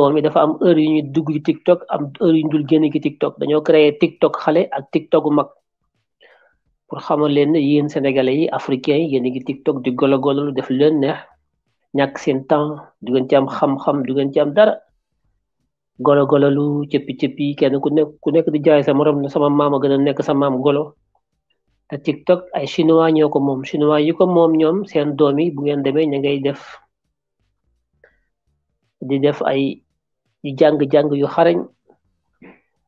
plateforme yi dafa am heure yu ñuy dugg ci tiktok am heure yu ñu dul génn ci tiktok dañoo créé tiktok xale ak tiktok mag pour xamal leen yéen sénégalais yi africain yéen ngi tiktok di golo def leen neex ñàkk seen temps du gën ci am xam-xam du gën ci am dara golo golo lu cëppi cëppi kenn ku nekk ku nekk di jaay sa morom sama maama gën a nekk sa maam golo te tiktok ay chinois ñoo ko moom chinois yi ko moom ñoom seen doom yi bu ngeen demee ña ngay def di def ay ñu jàng-jàng yu xarañ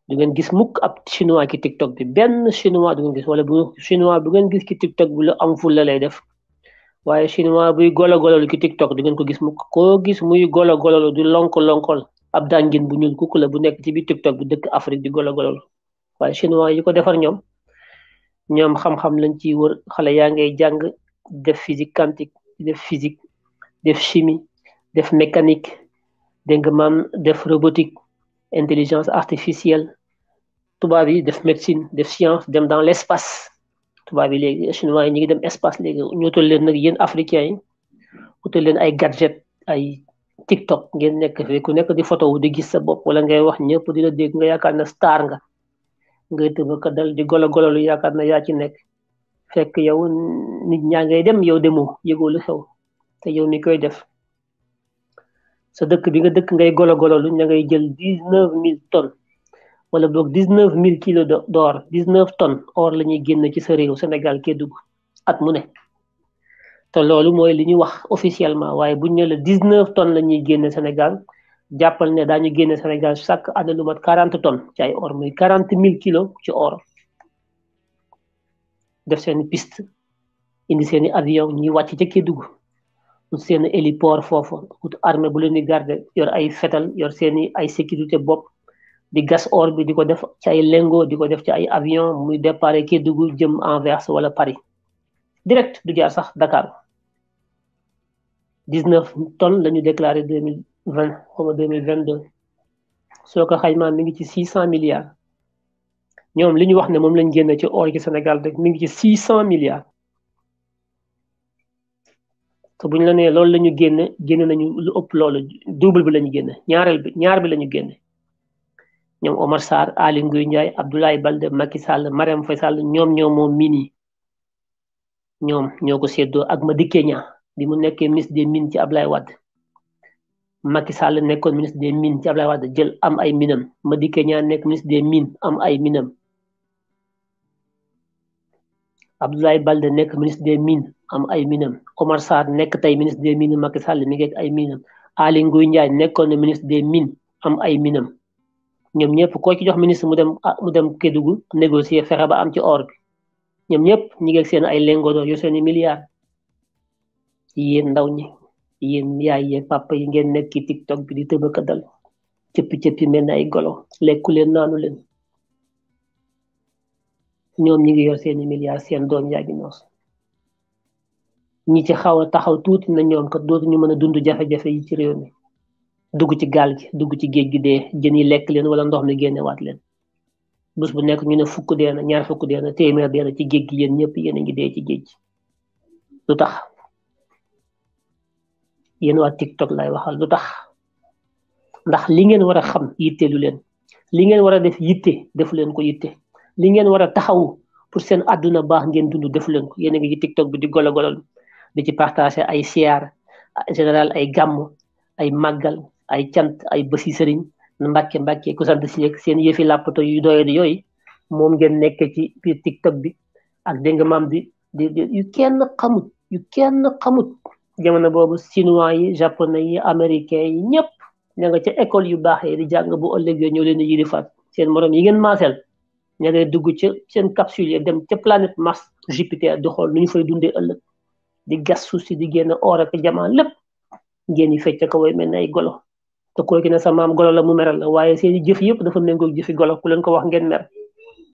du ngeen gis mukk ab chinois ci tiktok bi benn chinois du gis wala bu chinois bu ngeen gis ci tiktok bi lu am fulla lay def waaye chinois buy golo gololu ci tiktok du ngeen ko gis mukk koo gis muy golo gololu du lonk lonkol ab dàngin bu ñuul kukk la bu nekk ci biir tiktok bi dëkk Afrique di golo gololu waaye chinois yi ko defar ñoom ñoom xam-xam lañ ci wër xale yaa ngay jàng def physique quantique def physique def chimie def mécanique dégg nga maam def robotique intelligence artificielle tubaab yi def médecine def science dem dans l' espace tubaab yi léegi chinois yi ñu ngi dem espace léegi ñu utal leen nag yéen africains yi utal leen ay gadget ay tiktok ngeen nekk fi ku nekk di photo di gis sa bopp wala ngay wax ñëpp di la dégg nga yaakaar na star nga ngay tëbaka dal di golo golo gololu yaakaar na yaa ci nekk fekk yow nit ñaa ngay dem yow demoo yëgoo lu xew te yow mi koy def sa dëkk bi nga dëkk ngay golo golo lu da ngay jël dix neuf mille tonnes wala boog dix neuf mille kilos d'or dix neuf ton or la ñuy génn ci sa réew Sénégal dugg at mu ne te loolu mooy li ñu wax officiellement waaye buñ ne la dix neuf tonnes la ñuy génne Sénégal jàppal ne daañu génne Sénégal chaque année lu mat quarante tonnes ci ay or muy quarante mille kilos ci or def seeni piste indi seeni avion ñuy wàcc ca dugg ut seen héliport foofu ut armée bu leen di garder yor ay fetal yor seeni ay sécurité bopp di gas or bi di ko def ci ay lengo di ko def ci ay avion muy départ Kédougou jëm envers wala Paris direct du jaar sax Dakar 19 tonnes lañu ñu déclaré 2020 xawma 2022 soo ko xaymaa mi ngi ci 600 milliards ñoom li ñu wax ne moom lañu génn ci or ci Sénégal rek mi ngi ci 600 milliards. te bu ñu la nee loolu la ñu génne génne nañu lu ëpp loolu double bi la ñu génne ñaareel bi ñaar bi la ñu génne ñoom Omar Sarr Aly Ngouille Ndiaye Abdoulaye Balde Macky Sall Mariam Faye Sall ñoom ñoo moom mine yi ñoom ñoo ko séddoo ak Madické Niang bi mu nekkee ministre des mines ci Ablaye Wade Macky Sall nekkoon ministre des mines ci Ablaye Wade jël am ay minam Madické Niang nekk ministre des mines am ay minam Abdoulaye Balde nekk ministre des mines am ay minam Omar Sarr nekk tey ministre des mines Macky Sall mi ngi ak ay minam Aly Ngouille Ndiaye nekkoon na ministre des mines am ay minam ñoom ñëpp koo ci jox ministre mu dem ah, mu dem Kédougou négocier fexe ba am ci or bi ñoom ñëpp ñi ngi ak seen ay lengodo yu seeni i milliards yéen ndaw ñi yéen yaay yeeg papa yi ngeen nekk ci TikTok bi di tëbëkadal cëppi cëppi mel na ay golo lekku leen naanu leen. ñoom ñi ngi yor seeni milliards seen doom yaa ngi noos ñi ci xaw a taxaw tuuti na ñoom kat dootuñu mën a dund jafe-jafe yi ci réew mi dugg ci gaal gi dugg ci géej gi dee jën yi lekk leen wala ndom mi génnewaat leen bés bu nekk ñu ne fukk dee na ñaar fukk dee na téeméer dee na ci géej gi yéen ñëpp yéen a ngi dee ci géej gi lu tax yéen waa lay waxal lu tax ndax li ngeen war a xam yitteelu leen li ngeen war a def yitte defu leen ko yitte. li ngeen war a taxaw pour seen àdduna baax ngeen dund def leen ko yéen a ngi ci tiktok bi di golo golol di ci partager ay siyaar en général ay gàmm ay màggal ay cant ay bësi sëriñ mbàkke mbàkke ku sant si yeeg seen yëfi làppato yu doye di yooyu moom ngeen nekk ci biir tiktok bi ak dégg nga maam di di yu kenn xamut yu kenn xamut jamono boobu chinois yi japonais yi américains yi ñëpp nga ca école yu baax yi di jàng bu ëllëgee ñoo leen di yilifaat seen morom yi ngeen maaseel ña ngay dugg ca seen capsule dem ca planète Mars Jupiter di xool nu ñu fay dundee ëllëg di gas suuf si di génn or ak jamono lépp ngeen fecc ko way mel ni ay golo te kooy ki ne maam golo la mu meral la waaye seeni jëf yëpp dafa méngoo jëfi golo ku leen ko wax ngeen mer.